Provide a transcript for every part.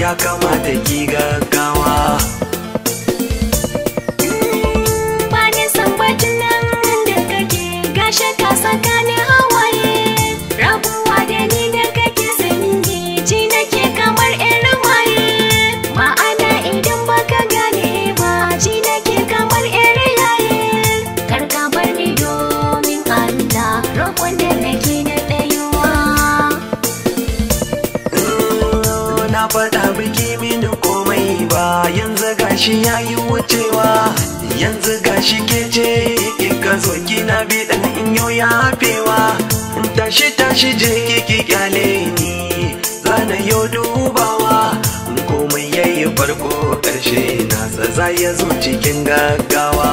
ya kamata ki gaggawa shi ya yi wucewa yanzu gashi ke ce in ka zo kina bi dan in ya hafewa tashi tashi je ki kyale ni zana yo dubawa komai yayi farko karshe na za ya zo cikin gaggawa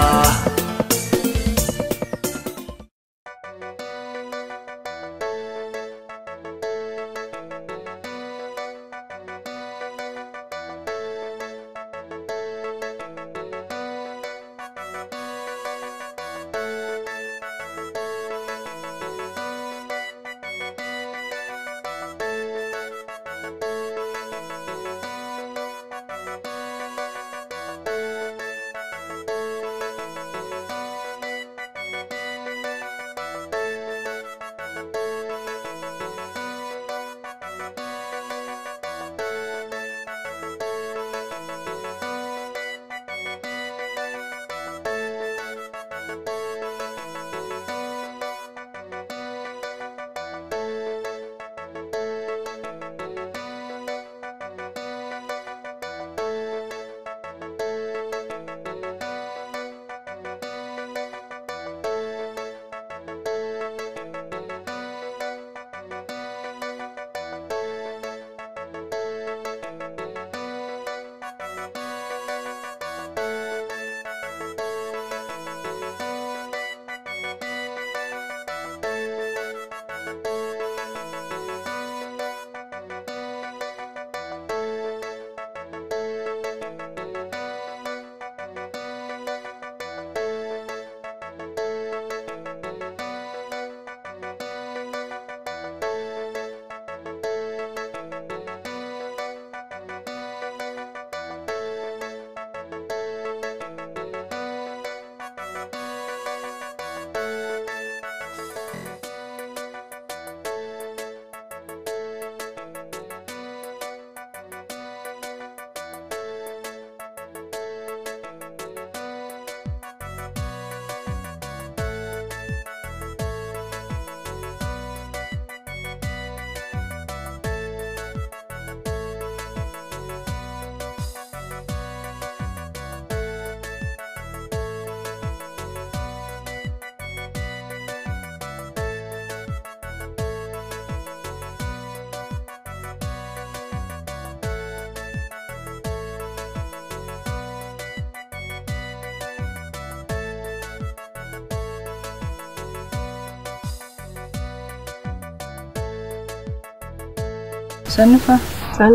sanifa fa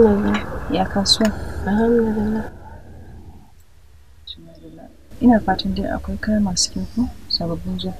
ya kasuwa alhamdulillah ina fatan dai akwai kaya masu kyau ko sababbin zuwa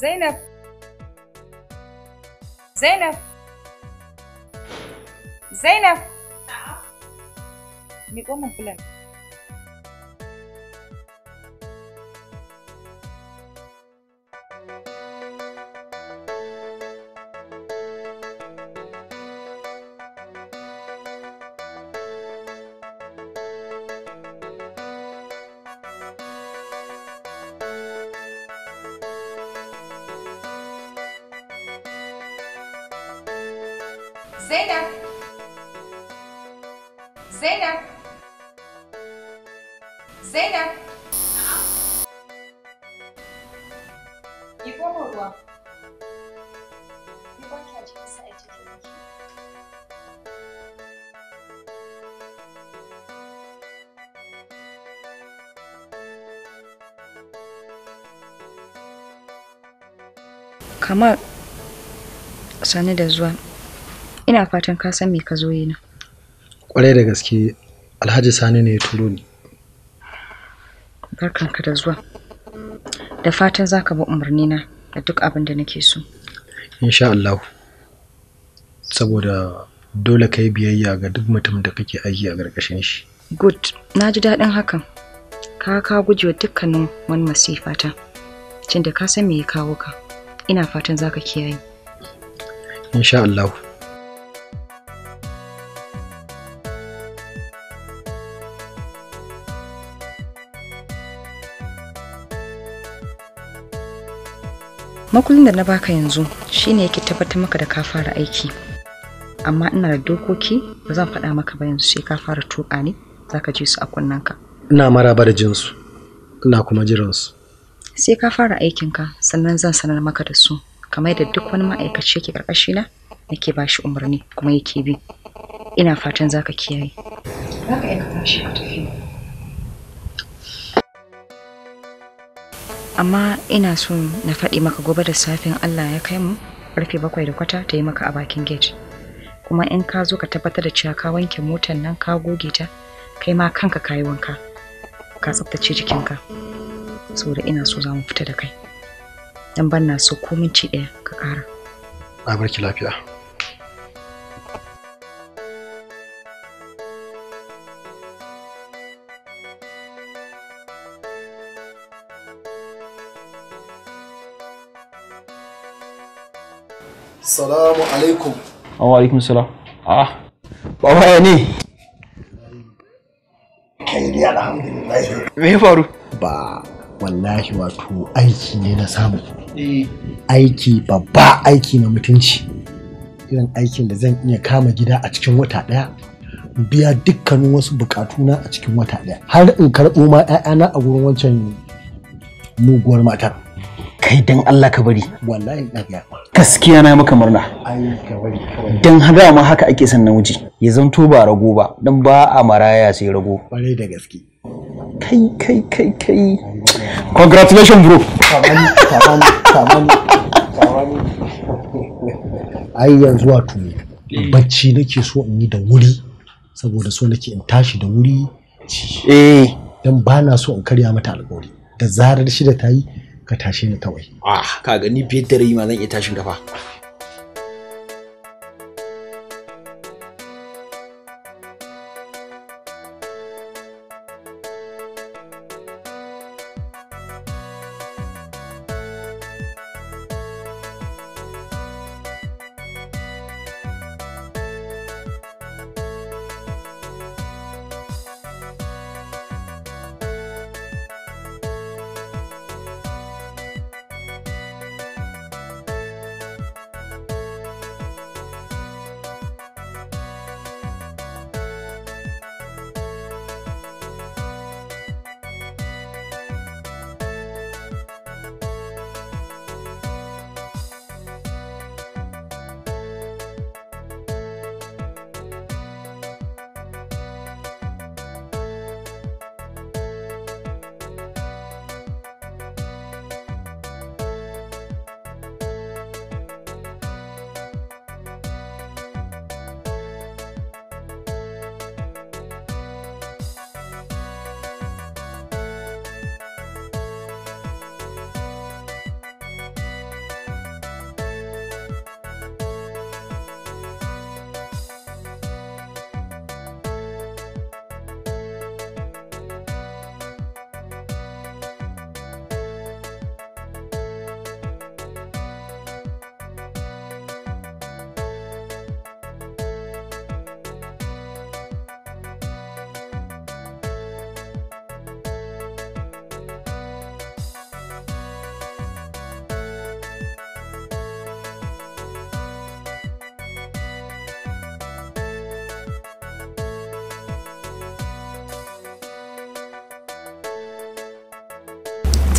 Zeynep. Zeynep. Zeynep. Miƙo min fulan. Kamal sani da zuwa. Ina fatan ka san me ka zo yi na. Kwarai da gaske Alhaji Sani ne ya turo ni. barkan ka da zuwa. Da fatan za ka bi na da duk abin da nake so. Insha Allah. Saboda dole ka biyayya ga duk mutum da kake aiki a ƙarƙashin shi. Good, na ji daɗin hakan. Ka ka gujewa dukkanin wani masifata, tunda ka san me ya kawo ka. ina fatan za ka kiyaye insha Allah makullin da na baka yanzu shine yake tabbatar maka da ka fara aiki amma ina da dokoki ba zan faɗa maka ba yanzu sai ka fara tuƙa ne za ka ji su a kunnanka ina maraba da jinsu ina kuma jiransu sai ka fara aikinka sannan zan sanar maka da su kamar da duk wani ma'aikaci yake karkashi na nake ba shi umarni kuma yake bi ina fatan zaka kiyaye za ka aikata shi ka tafi amma ina so na faɗi maka gobe da safin Allah ya kai mu karfe bakwai da kwata ta yi maka a bakin gate kuma in ka zo ka tabbatar da cewa ka wanke motar nan ka goge ta kai ma kanka kayi wanka ka tsaftace jikinka saboda ina so za mu fita da kai dan ban na so ko ci ɗaya ka ƙara na barki lafiya Salamu alaikum. Wa alaikum salam. Ah, baba ya ne? Kai ne alhamdulillah. Me ya faru? Ba wallahi wato aiki ne na samu eh. aiki babba aiki na mutunci irin aikin da zan iya kama gida a cikin wata ɗaya biya dukkanin wasu bukatuna a cikin wata ɗaya har in karɓo ma 'ya'yana a gurin wancan muguwar matar kai dan Allah ka bari wallahi gaskiya na maka murna dan hada ma haka ake son namiji ya zanto ba rago ba dan ba a maraya sai rago kwarai da gaske kai kai kai kai congratulation bro ai yanzu wato bacci nake so in yi da wuri saboda so nake in tashi da wuri eh dan ba na so in karya mata alƙawari da zarar shida ta yi ka tashe ni kawai ah ka gani biyar da rai ma zan iya tashin kafa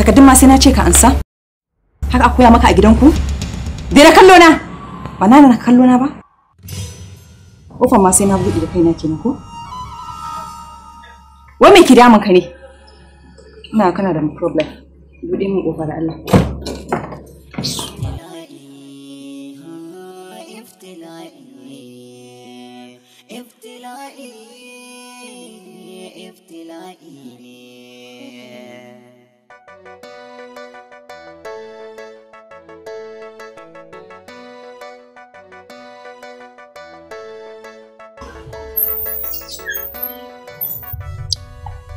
takaddun ma sai na ce ka ansa har a koya maka a gidanku daina kallo na ba na na kallo na ba kofar ma sai na buɗe da kaina kenan ko wai me ki damun ka ne ina kana da problem buɗe min kofar Allah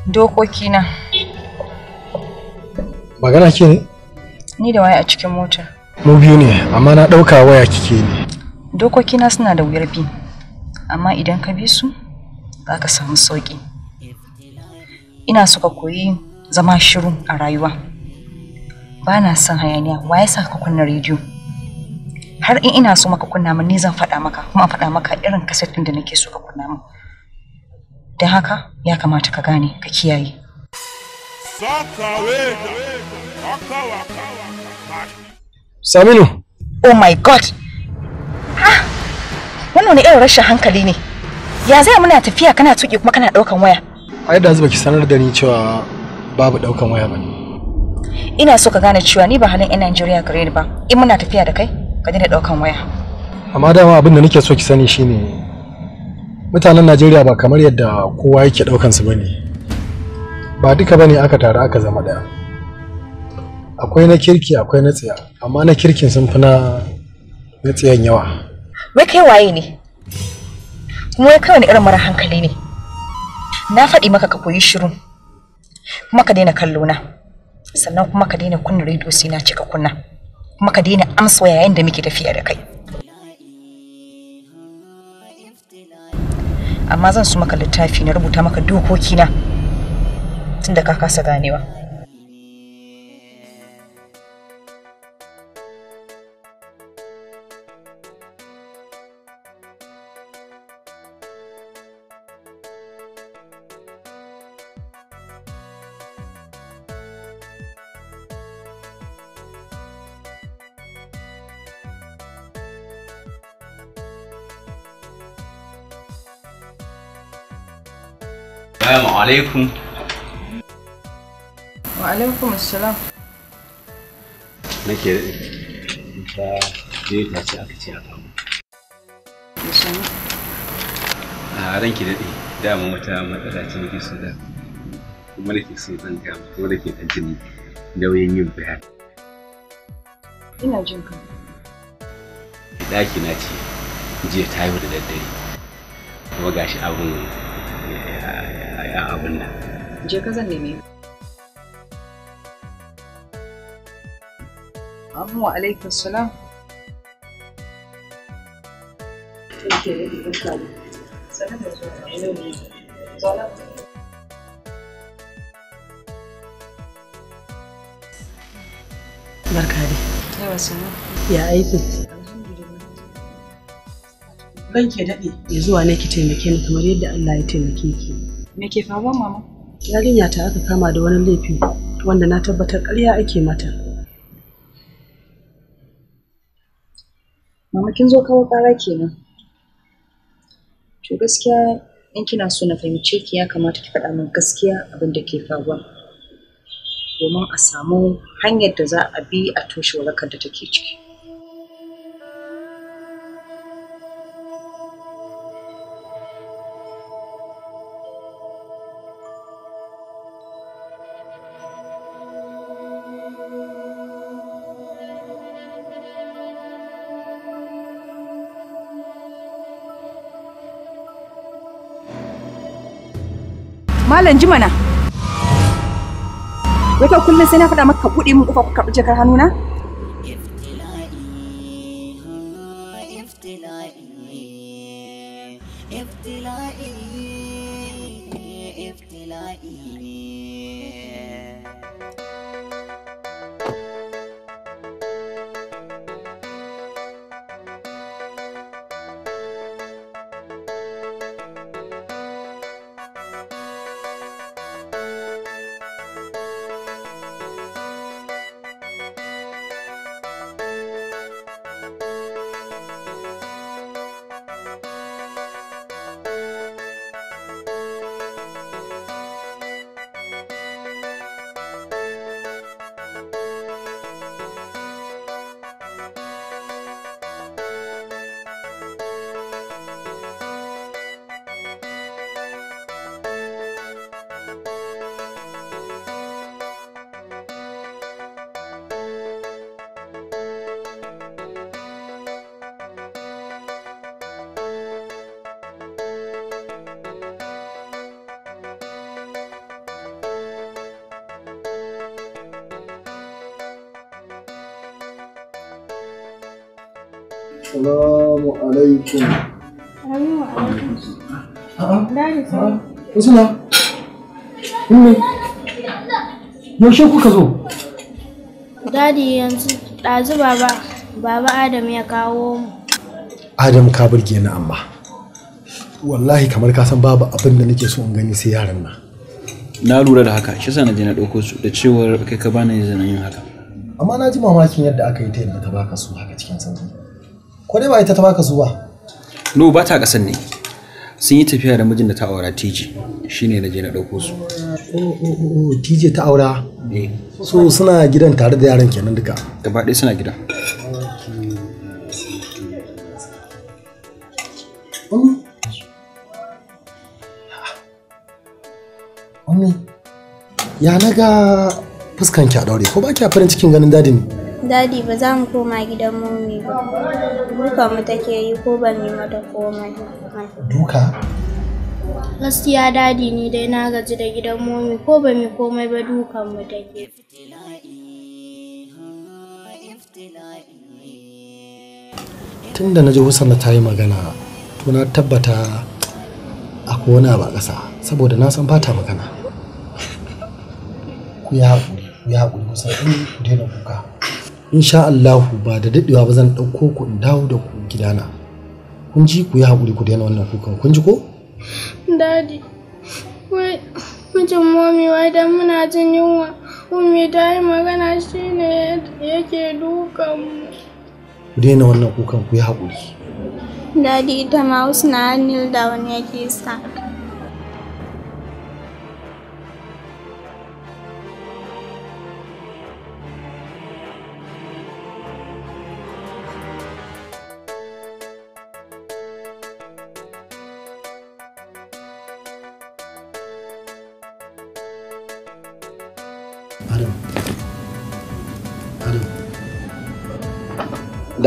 dokokina magana ke ne ni da waya a cikin mota mu biyu ne amma na ɗauka waya kike ne dokokina suna da wuyar bi amma idan ka bi su za ka samu sauƙi ina so ka koyi zama shiru a rayuwa ba na son hayaniya waye sa ka kunna rediyo har in ina so maka kunna min ni zan faɗa maka kuma faɗa maka irin ɗin da nake so ka kunna min da haka ya kamata ka gane ka kiyaye Saminu oh my god ha wannan wani irin rashin hankali ne ya zai muna tafiya kana tuki kuma kana ɗaukan waya ai da zuba ki sanar da ni cewa babu ɗaukan waya bane ina so ka gane cewa ni ba halin yan Najeriya gare ni ba in muna tafiya da kai ka daina ɗaukan waya amma dama abin da nake so ki sani shine mutanen najeriya ba kamar yadda kowa yake ɗaukansu ba ne ba duka ba ne aka taru aka zama ɗaya akwai na kirki akwai na tsiya amma na kirkin sun fi na na yawa wai kai waye ne kuma kai wani irin mara hankali ne na faɗi maka ka koyi shiru kuma ka daina kallo na sannan kuma ka daina kunna rediyo sai na cika kunna kuma ka daina amsa yayin da muke tafiya da kai amma zan su maka littafi na rubuta maka dokokina na tunda ka kasa ganewa Assalamu alaikum. Wa alaikum assalam. Nake ta da ita ce aka ce a kamu. A ranki daɗe dama wata matsala ce muke so da kuma da ke so zan ga kuma da ke ɗan jini nauyin yin bayani. Ina jin ka. Ɗaki na ce jiya ta yi da daddare kuma gashi abin ɗan abin nan je ka zan neme Abu wa alaikun salam. Barka dai. Yawa sana. Ya aiki. Ban ke daɗe. Ya zuwa ne ki taimake ni kamar yadda Allah ya taimake ki. me ke faruwa mama yarinya ta aka kama da wani laifi wanda na tabbatar ƙarya ake mata mama kin zo kawo ƙara kenan to gaskiya in kina so na fahimce ki ya kamata ki faɗa min gaskiya abin da ke faruwa domin a samu hanyar da za a bi a toshe warakar da take ciki Malam ji Wai kai kullum sai na faɗa maka ka buɗe min ƙofa ka karɓi jakar hannuna? Salamu alaikum. Salamu alaikum. Dadi sai. Usula. Umme. Yaushe kuka zo? Dadi yanzu ɗazu baba baba Adam ya kawo mu. Adam ka burge ni amma. Wallahi kamar ka san babu abin da nake so in gani sai yaran nan. Na lura da haka, shi na je na ɗauko su da cewar kai ka bani zanen yin haka. Amma na ji mamakin yadda aka yi ta yadda ta baka su haka cikin sanda. ko dai ba ita ta baka su ba no ba ta kasan ne sun yi tafiya da mijin da ta aura tije shine na je na dauko su oh, oh, oh, oh tije ta aura eh. so suna gidan tare da yaran kenan duka gaba ɗaya suna gida ya na ga fuskanki a daure ko ba ki farin cikin ganin dadi ne? Dadi ba za mu koma gidan mummi ba. Duka mu take yi ko ban yi mata komai. Duka? Gaskiya dadi ni dai na gaji da gidan mummi ko ban yi komai ba dukan mu take. Tun da na ji Hussana ta yi magana, to na tabbata akwai wani abu a ƙasa saboda na san fata magana ku ya haƙuri ku ya haƙuri ku daina kuka insha Allahu ba da daɗewa ba zan ɗauko ku in dawo da ku gidana kun ji ku yi haƙuri ku daina wannan kukan kun ji ko? Dadi, wai mijin momi wai dan muna jin yunwa umi ta yi magana shi ne yake dukan mu. Ku daina wannan kukan ku yi haƙuri. Dadi ita ma wasu na hannun da wani yake sa.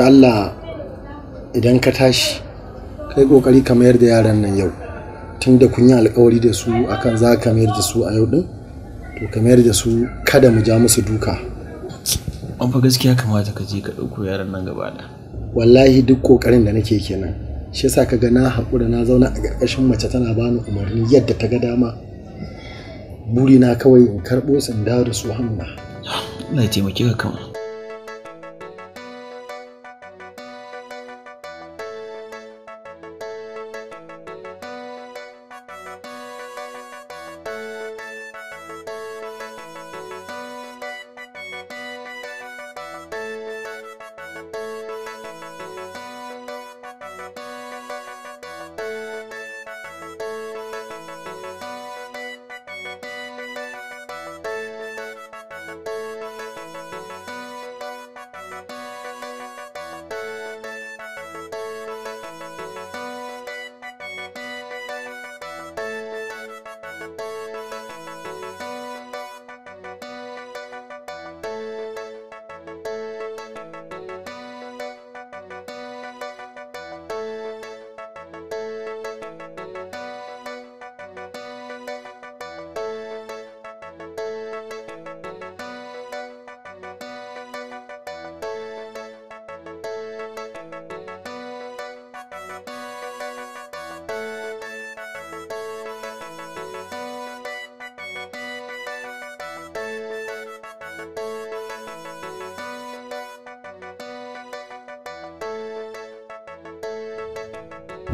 da Allah idan ka tashi kai kokari ka mayar da yaran nan yau tun da kun yi alkawari da su akan za ka mayar da su a yau din to ka mayar da su kada mu ja musu duka an fa gaskiya kamata ka je ka ɗauko yaran nan gaba da wallahi duk kokarin da nake kenan shi yasa ka ga na haƙura na zauna a ƙarƙashin mace tana bani umarni yadda ta ga dama burina kawai in karɓo su in dawo da su Allah ya taimake ka kama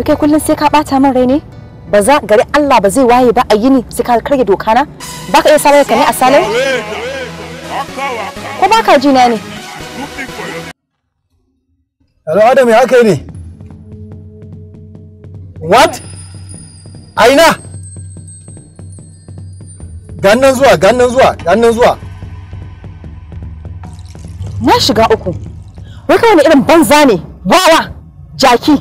kai kullum sai ka bata min rai ne ba za gari Allah ba zai waye ba a yi ni sai ka karge doka na ba ka iya sarar ka ne a salar ko ba ka na ne Hello Adam ya kai ne What Aina gannan zuwa gannan zuwa gannan zuwa na shiga uku wai kawai irin banza ne wawa jaki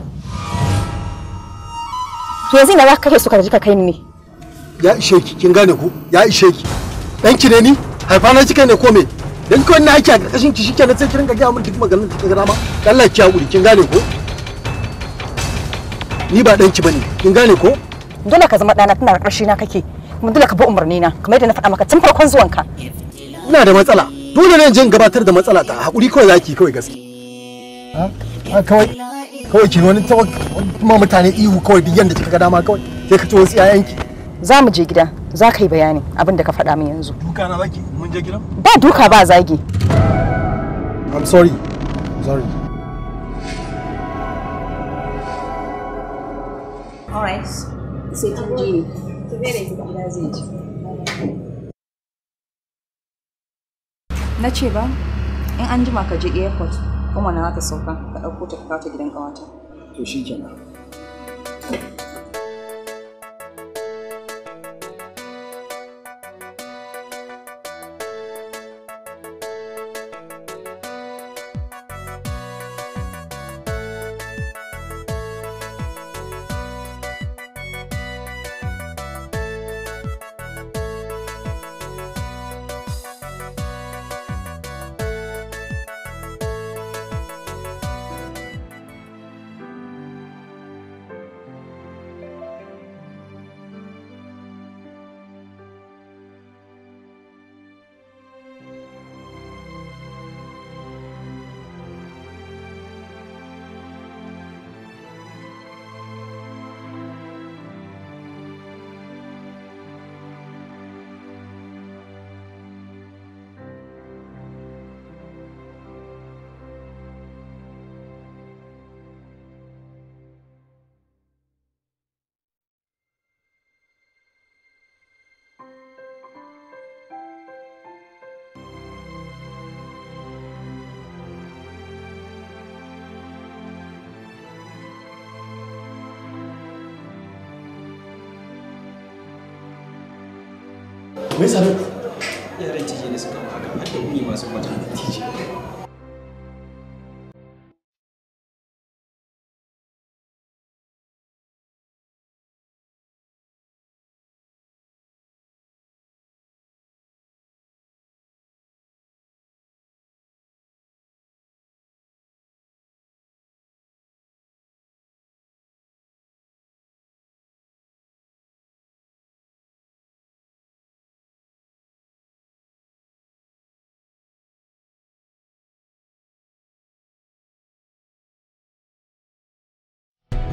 to yanzu ina za ka kashe su ka ji ka kai ni ya ishe ki kin gane ku ya ishe ki dan ki ne ni haifa na kika ne ko me dan ki wannan haki a karkashin ki na sai ki ringa ga mun duk maganar da kika ma Allah ki hakuri kin gane ko ni ba dan ki bane kin gane ko dole ka zama dana tana karkashi na kake kuma dole ka bi umarni na kamar yadda na faɗa maka tun farkon zuwanka ina da matsala dole ne jin gabatar da matsala ta hakuri kawai zaki kawai gaske ha kawai kawai ki wani kuma mutane ihu kawai duk yanda kika ga dama kawai sai ka ci wasu yayanki za mu je gida za ka yi bayani abin da ka faɗa min yanzu duka na zaki mun je gida ba duka ba zagi i'm sorry I'm sorry all right sai ki bere ki zai ji na ce ba in an jima ka je airport kan wannan aka sauka ka ɗauko ta ta gidan ƙawata to shi kenan me sami yaran ne suka haka har da masu kwata tije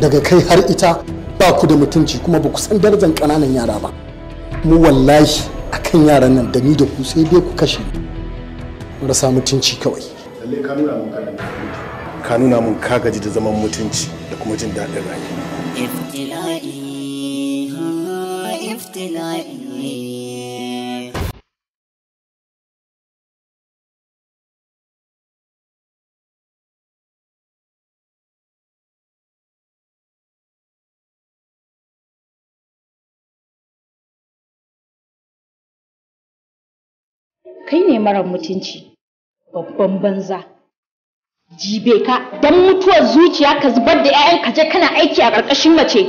daga kai har ita ba ku da mutunci kuma ba ku san darajar kananan yara ba mu wallahi a kan yaran nan da ni da ku sai dai ku kashe marasa mutunci kawai ka nuna mun ka gaji da zaman mutunci da kuma jin daɗin rayuwa iftila'i iftila'i kai ne mara mutunci babban banza jibe ka don mutuwar zuciya ka zubar da 'ya'yan je kana aiki a ƙarƙashin mace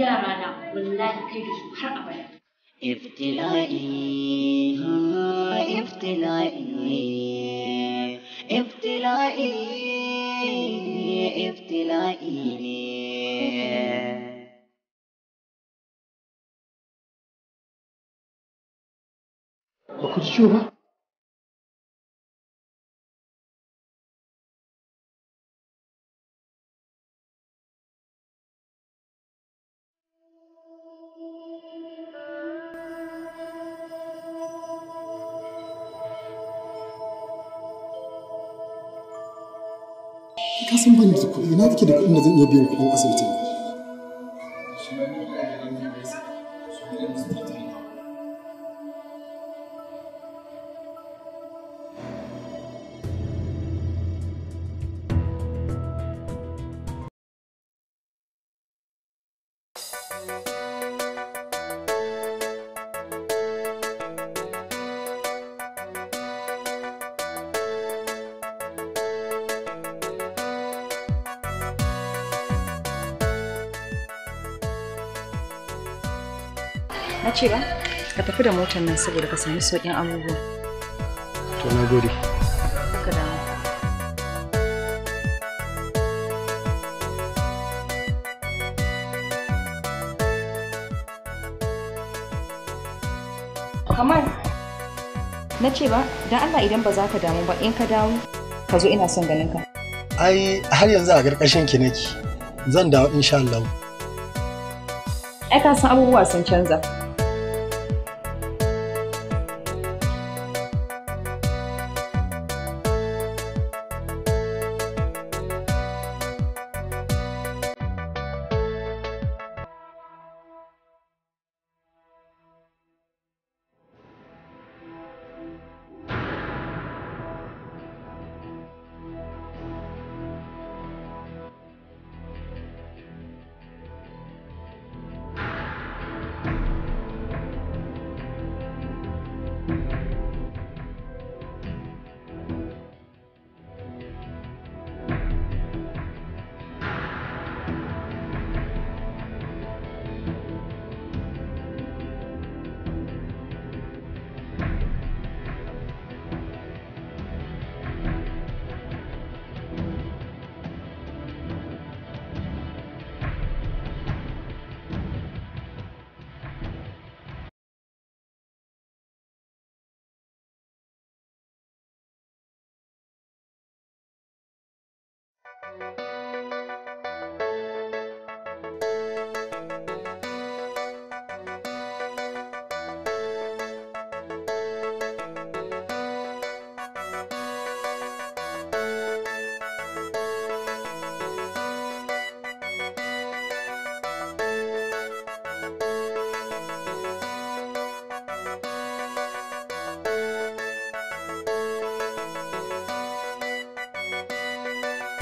yara na wallahi kai da su har abada iftila'i iftila'i iftila'i iftila'i ne 口中は ka san ban da kuɗi na kake da kuɗin da zan iya biyan kuɗin asibitin ce ba ka tafi da motar nan saboda ka sami sauƙin abubuwa to na gode kamar na ce ba don allah idan ba za ka damu ba in ka dawo ka zo ina son ganin ka ai har yanzu a ƙarƙashin ki nake zan dawo insha Allah ai ka san abubuwa sun canza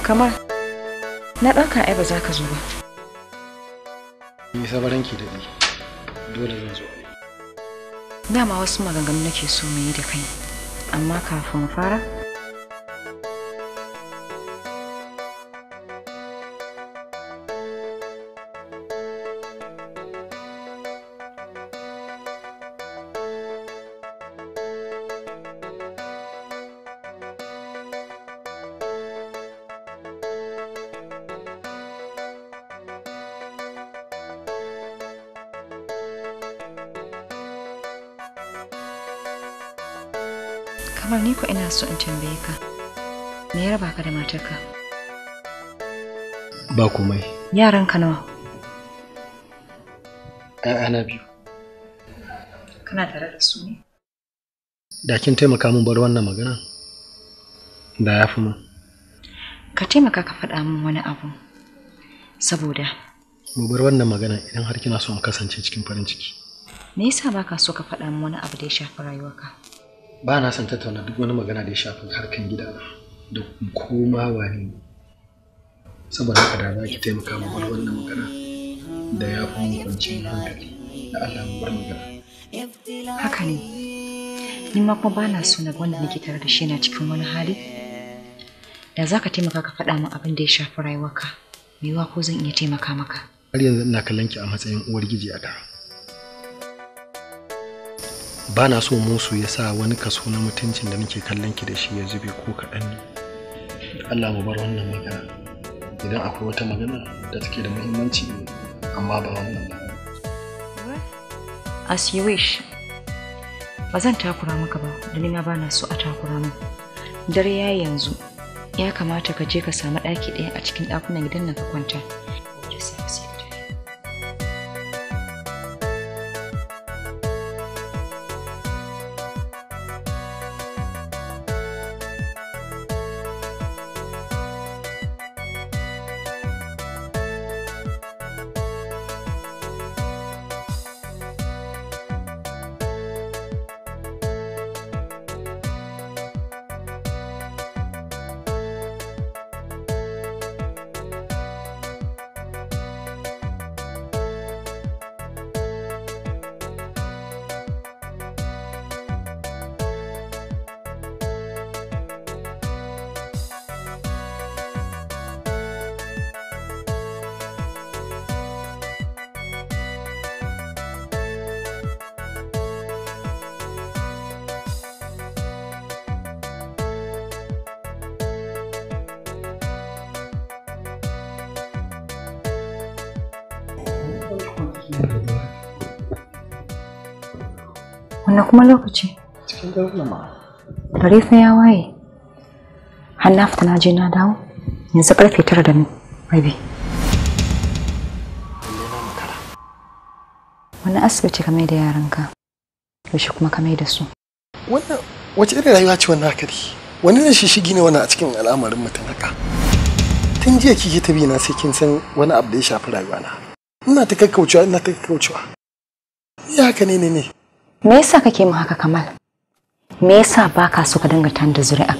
kamar na ɗauka ai ba za ka zo ba nisa ki daɗi dole zan zo dama wasu maganganu nake so mu yi da kai amma kafin fara so in tambaye ka. Me ya raba ka da matarka? Ba komai. Yaran ka nawa? Ana biyu. Kana tare da su ne? Da kin taimaka min bar wannan magana? Da ya fi min. Ka taimaka ka faɗa min wani abu. Saboda. Mu bar wannan magana idan har kina so in kasance cikin farin ciki. Me yasa ba ka so ka faɗa min wani abu da ya shafi rayuwarka? ba na son tattauna duk wani magana da ya shafi harkan gida da koma wani saboda haka da za ki taimaka ma bar wannan magana da ya fi mun hankali da Allah mu bar magana haka ne ni ma kuma ba na so na wanda nake tare da shi yana cikin wani hali da za ka taimaka ka faɗa min abin da ya shafi rayuwarka me wa ko zan iya taimaka maka har yanzu ina kallon ki a matsayin uwar giji a ba na so musu ya sa wani kaso na mutuncin da nake kallon ki da shi ya zube ko kaɗan ne Allah mu bar wannan magana idan akwai wata magana da take da muhimmanci amma ba wannan ba as you wish ba zan takura maka ba da ba na so a takura min dare ya yanzu ya kamata ka je ka samu ɗaki ɗaya a cikin ɗakunan gidan nan ka kwanta Wanne kuma lokaci? Cikin ma. Dare sai ya waye. Hanna na fita na je na dawo. Yanzu karfe tara da rabi. Wani asibiti ka mai da yaranka? Yaushe kuma ka da su? Wannan wace irin rayuwa ce wannan haka Wani ne shishigi ne wannan a cikin al'amarin mutum haka? Tun jiya kike ta bi na sai kin san wani abu da ya shafi rayuwa na. ina ta kakkaucewa ina ta kakkaucewa ya haka ne ne ne me yasa kake min haka kamal me yasa baka ka so ka dinga tanda zuri'a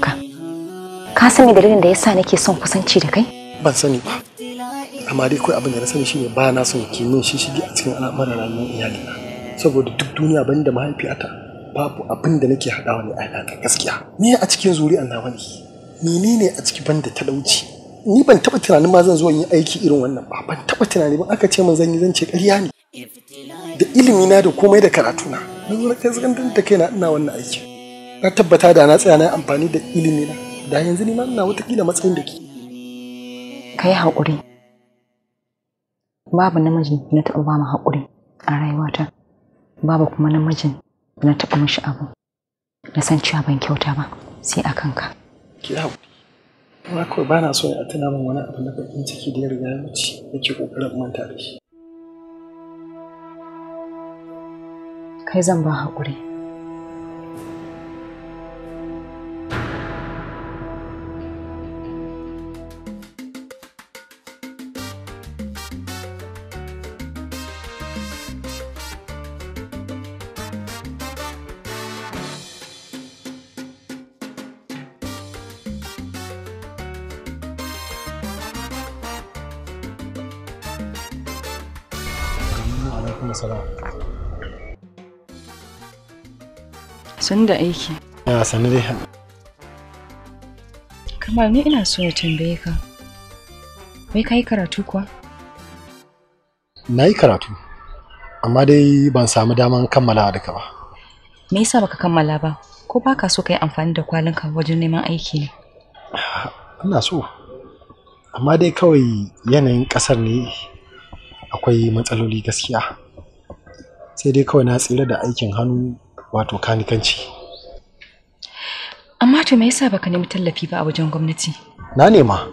ka sani dalilin da yasa nake son kusanci da kai ban sani ba amma dai kawai abin da na sani shine ba na son ki min shige a cikin al'amuran rayuwar iyalina saboda duk duniya ban da mahaifiyata babu abin da nake haɗawa ne a gaskiya me a cikin zuri'an na wani menene a ciki banda talauci ni ban taba tunanin ma zan zo in yi aiki irin wannan ba ban taba tunani ba aka ce min zan yi zan ce ƙarya ne da ilimi na da komai da karatu na mun na kai zagan kaina ina wannan aiki na tabbata da na tsaya na amfani da ilimi na da yanzu ni ma ina wata kila matsayin da ke kai hakuri babu namiji na taɓa ba mu haƙuri a rayuwata babu kuma namijin na taba mishi abu na san cewa ban kyauta ba sai a kanka ki hakuri Amma kawai ba na so ya tuna min wani abu na bakin ciki da ya riga ya wuce yake kokarin manta da shi. Kai zan ba haƙuri. Sun da aiki. Ya sani dai. Kamal ni ina so ya tambaye ka. Wai ka yi karatu kuwa? Na yi karatu, amma dai ban samu daman kammala ka ba. Me yasa baka kammala ba? Ko ba ka so ka yi amfani da kwalinka wajen neman aiki ne? Ina so, amma dai kawai yanayin ƙasar ne akwai matsaloli gaskiya. Sai dai kawai na tsira da aikin hannu wato kanikanci amma to me yasa baka nemi tallafi ba a wajen gwamnati na nema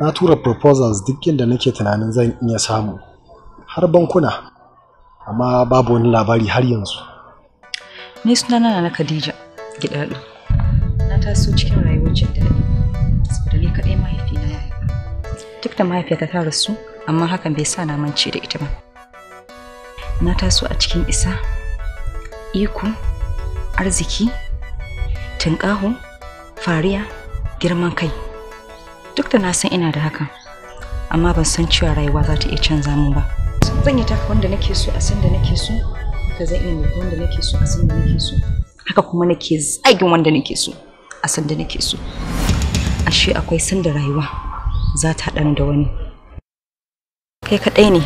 na tura proposals duk inda nake tunanin zan iya samu har bankuna amma babu wani labari har yanzu ni sunana na Khadija na taso cikin rayuwar jin daɗi saboda ni kaɗai mahaifina ya duk da mahaifiyata ta rasu amma hakan bai sa na mance da ita ba na taso a cikin isa iko arziki tunƙaho fariya girman kai duk da na san ina da haka amma ban san cewa rayuwa za ta iya canza mu ba zan yi taka wanda nake so a san da nake so haka zan iya yi wanda nake so a san da nake so haka kuma nake zagin wanda nake so a san da nake so ashe akwai sanda rayuwa za ta haɗa da wani kai kaɗai ne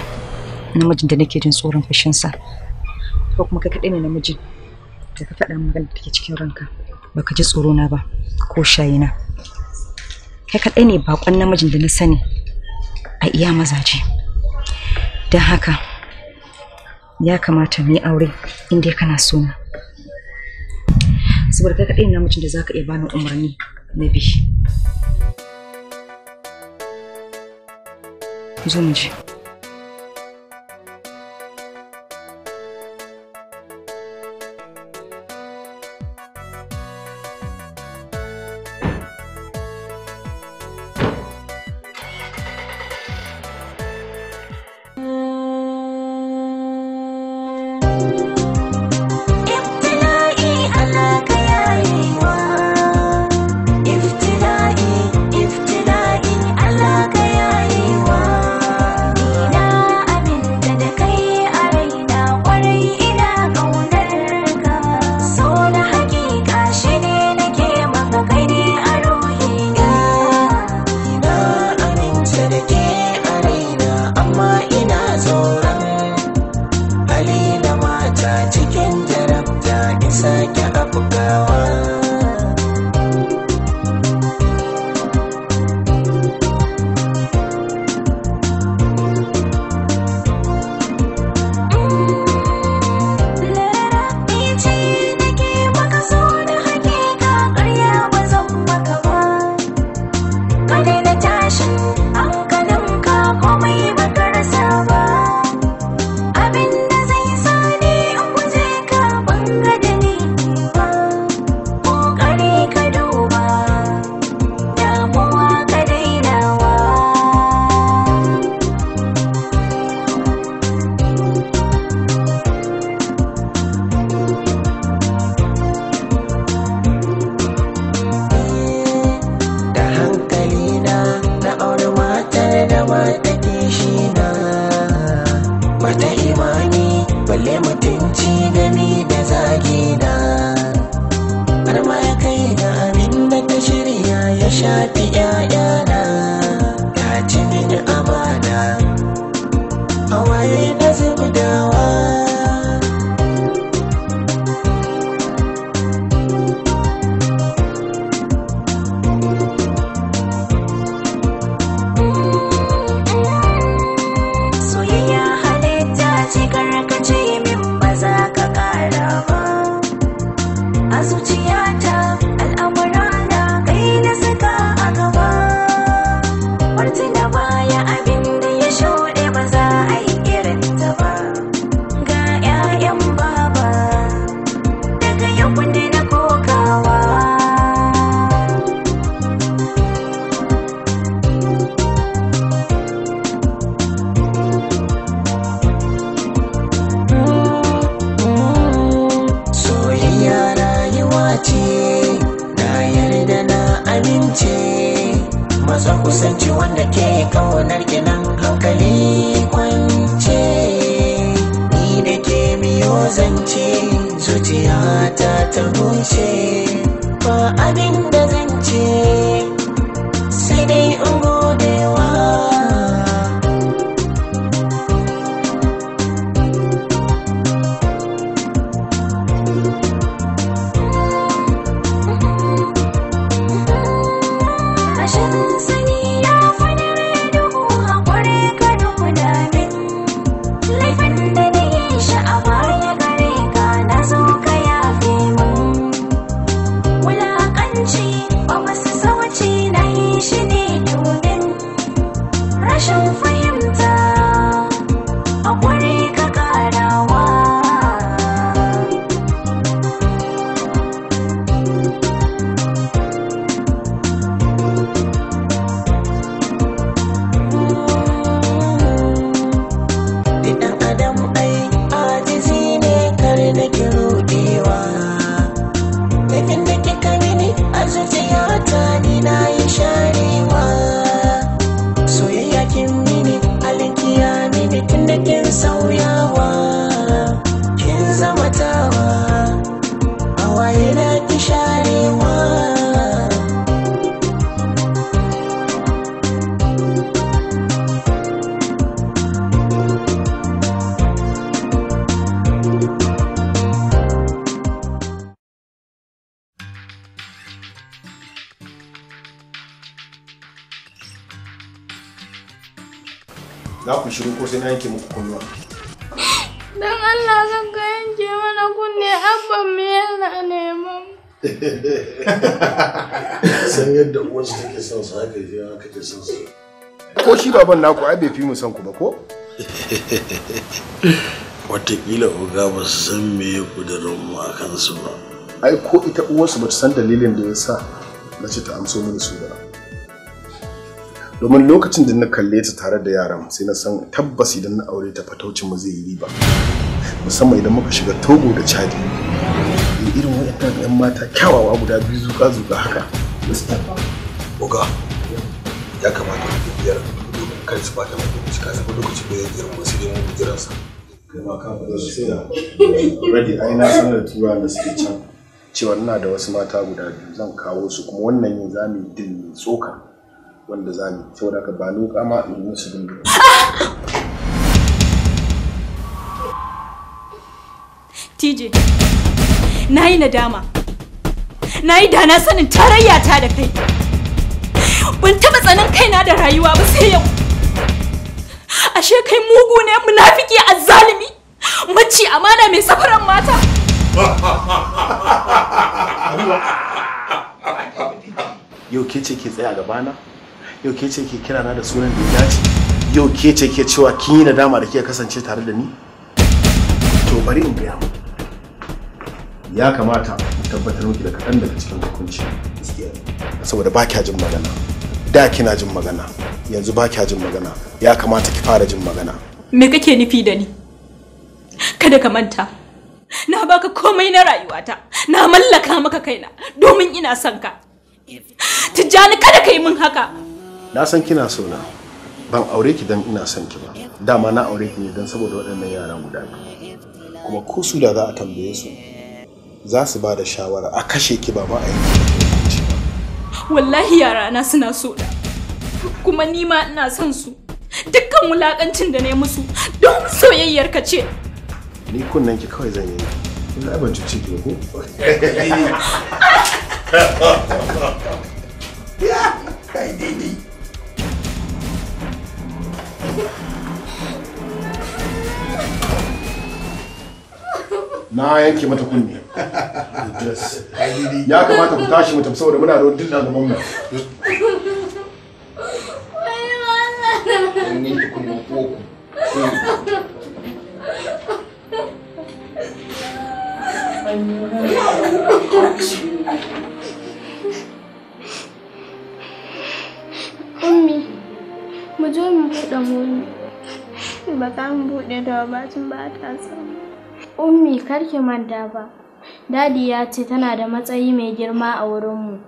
namijin da nake jin tsoron fashinsa? ko kuma kai kaɗai ne namijin da ka faɗa magana da take cikin ranka baka ji tsoro na ba ko shayina kai kaɗai ne bakon namijin da na sani a iya mazaje don haka ya kamata mu yi aure inda ya kana so na saboda kai kaɗai ne namijin da za ka iya bani umarni na bi zo mu je baban naku ai bai fi mu san ku ba ko watakila Oga ba su san me kudurin mu a kansu ba ai ko ita uwarsu ba ta san dalilin da ya sa na ce ta amso mini su ba domin lokacin da na kalle ta tare da yaran sai na san tabbas idan na aure ta fataucin mu zai yi riba musamman idan muka shiga togo da chadi da irin waɗannan 'yan mata kyawawa guda biyu zuka-zuka haka Mr. oga ya kamata ku biyar kan su bata mai lokaci ka san lokacin bai irin mu sai dai mu jiran sa kuma ka fada su sai da already a na san da tura da suke can cewa ina da wasu mata guda biyu zan kawo su kuma wannan yin mu yi din tsoka wanda zamu saboda ka ba loka ma in musu din TJ na yi nadama na yi dana na sanin tarayya ta da kai ban taba tsanin kaina da rayuwa ba sai yau ashe kai mugu ne munafiki azzalimi mace amana mai safaran mata yau ke ce ke tsaya gabana yau ke ce ke kira na da sunan da ya dace yau ke ce ke cewa kin yi nadama da kika kasance tare da ni to bari in gaya mu ya kamata tabbatar miki da kaɗan daga cikin hukunci saboda ba kya jin magana da kina jin magana yanzu ba kya jin magana ya kamata ki fara jin magana me kake nufi da ni kada ka manta na baka komai na rayuwata na mallaka maka kaina domin ina son ka tijjani kada ka yi min haka na san kina so na ban aure ki dan ina son ki ba dama na aure ki ne dan saboda waɗannan yaran guda kuma ko su da za a tambaye su za su ba da shawara a kashe ki ba ma a yi wallahi yara na suna so da kuma ni ma ina son su dukkan wulakancin da na yi musu don soyayyar ka ce ni kunnen ki kawai zan yi ina ban cuci ki ko ya kai daidai na yanke mata kunne ya kamata ku tashi mutum saboda muna da dilla gaban mu Ummi, mu je mu buɗe mu ba za mu buɗe da ba ba ta samu. Ummi kar manta ba dadi ya ce tana da matsayi mai girma a wurinmu,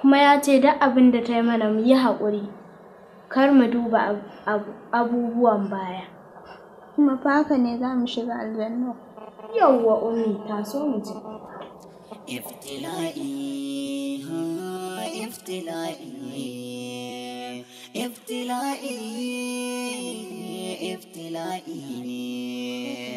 kuma ya ce duk abin da ta yi mana mu yi haƙuri, kar mu duba abubuwan baya. Kuma fa ne za mu shiga aljanna. Yawwa Ummi taso mu ji. Iftila'i, iftila'i, iftila'i, iftila'i.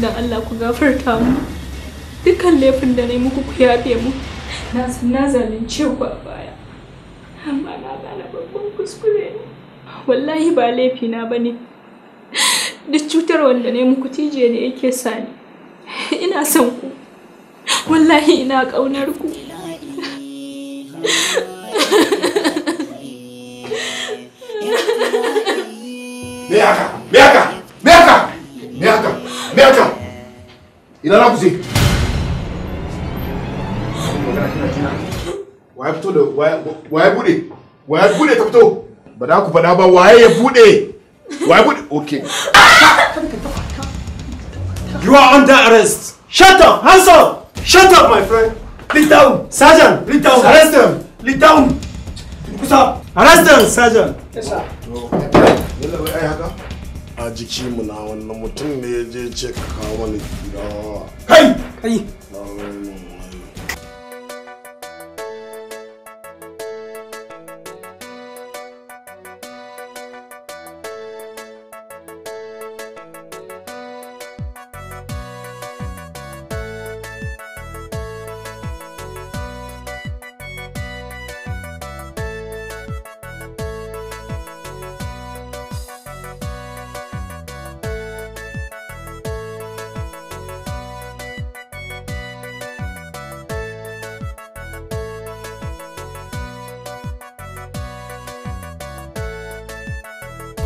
dan Allah ku gafarta mu dukkan laifin da na yi muku ku yafe mu na san na zalunce ku a baya amma na ga na babban kuskure ne wallahi ba laifi na bane duk cutar wanda na yi muku tije ne yake sani ina son ku wallahi ina ƙaunar ku Me haka? Me haka? ina na ku je waye fito da waye bude waye bude ta fito ba da ku it? Why waye it? bude waye bude okay you are under arrest shut up hands up shut up my friend lead down sergeant lead down arrest them lead down arrest them sergeant yes sir a jiki mu na wannan mutum ne ya je ce ka kawo mana gida kai kai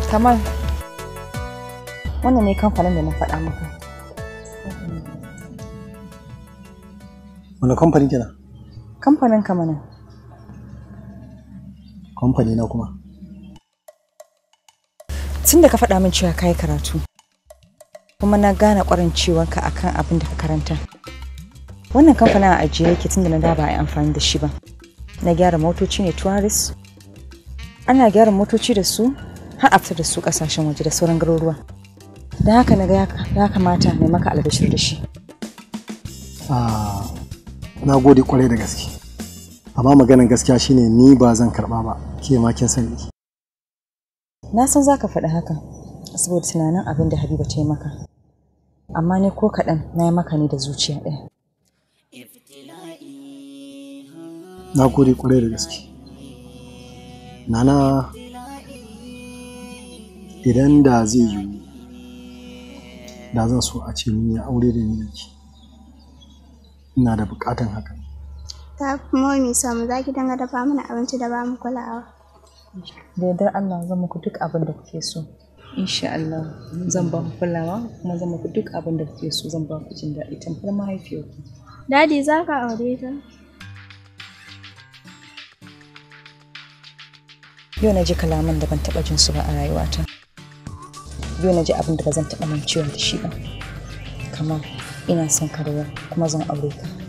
Kamal, wannan ne kamfanin da na faɗa maka. Wani kamfani kenan? Kamfanin kamanin. Kamfani na kuma? Tun da ka faɗa min cewa ka yi karatu, kuma na gane ƙwarin ciwonka akan abin da ka karanta. Wannan kamfanin a ajiye yake tun da na daba a yi amfani da shi ba. Na gyara motoci ne tourist. Ana gyara motoci da su har a fitar da su kasashen waje da sauran garuruwa da haka na ga ya kamata na maka albashir da shi ah, na gode kwarai da gaske amma maganan gaskiya shine ni ba zan karba ba ke ma kin sani na san za ka faɗi haka saboda tunanin abin da habiba ta yi maka amma ne ko kaɗan na yi maka ne da zuciya ɗaya na gode kwarai da gaske nana idan da zai yiwu da zan so a ce mun yi aure da ni yake ina da bukatan haka ta kuma mai samu za ki dinga dafa mana abinci da ba mu kulawa da yadda Allah zan muku duk abin da kuke so insha Allah zan ba ku kulawa kuma zan muku duk abin da kuke so zan ba ku jin daɗi tamfar mahaifiyarku dadi za ka aure ta yau na ji kalaman da ban taɓa jin su ba a rayuwata yau na ji abin da ba zan taɓa mancewa da shi ba kamar ina son karewa kuma zan aure ka